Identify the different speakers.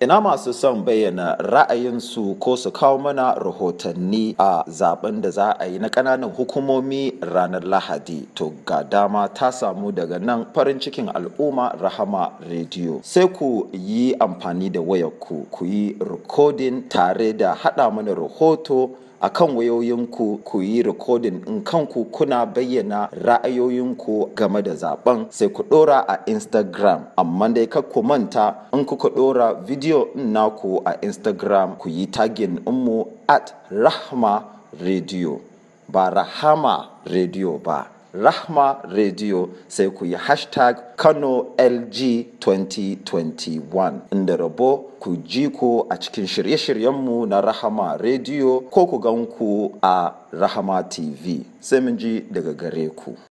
Speaker 1: Ina masu son bayyana ra'ayinsu ko su kawo mana rahotanni a zaben da za a yi na ƙananan hukumomi ranar Lahadi. To ga dama ta samu daga nan farin cikin al'umma rahama rediyo. Sai ku yi amfani da wayarku ku yi rikodin tare da haɗa mana rahoto a kan wayoyinku ku yi rikodin in kanku kuna bayyana ra'ayoyinku game da zaben sai ku dora a instagram amma dai kar ku manta in kuka dora video naku a instagram ku yi tagin mu at rahma radio ba rahama radio ba rahma radio sai ku yi hashtag kano lg 2021 inda rabo ku ji ko a cikin shirye-shiryenmu na rahama radio ko ku gan ku a rahama tv sai mun ji daga gare ku